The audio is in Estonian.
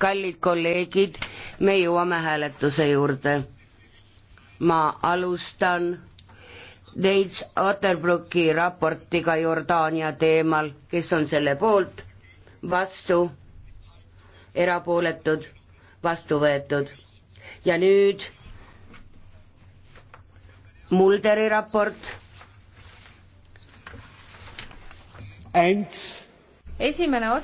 kallid kolleegid, me jõuame hääletuse juurde. ma alustan Neits Otterbrucki raportiga Jordaania teemal, kes on selle poolt, vastu, erapooletud, vastu võetud. ja nüüd Mulderi raport eins esimene osa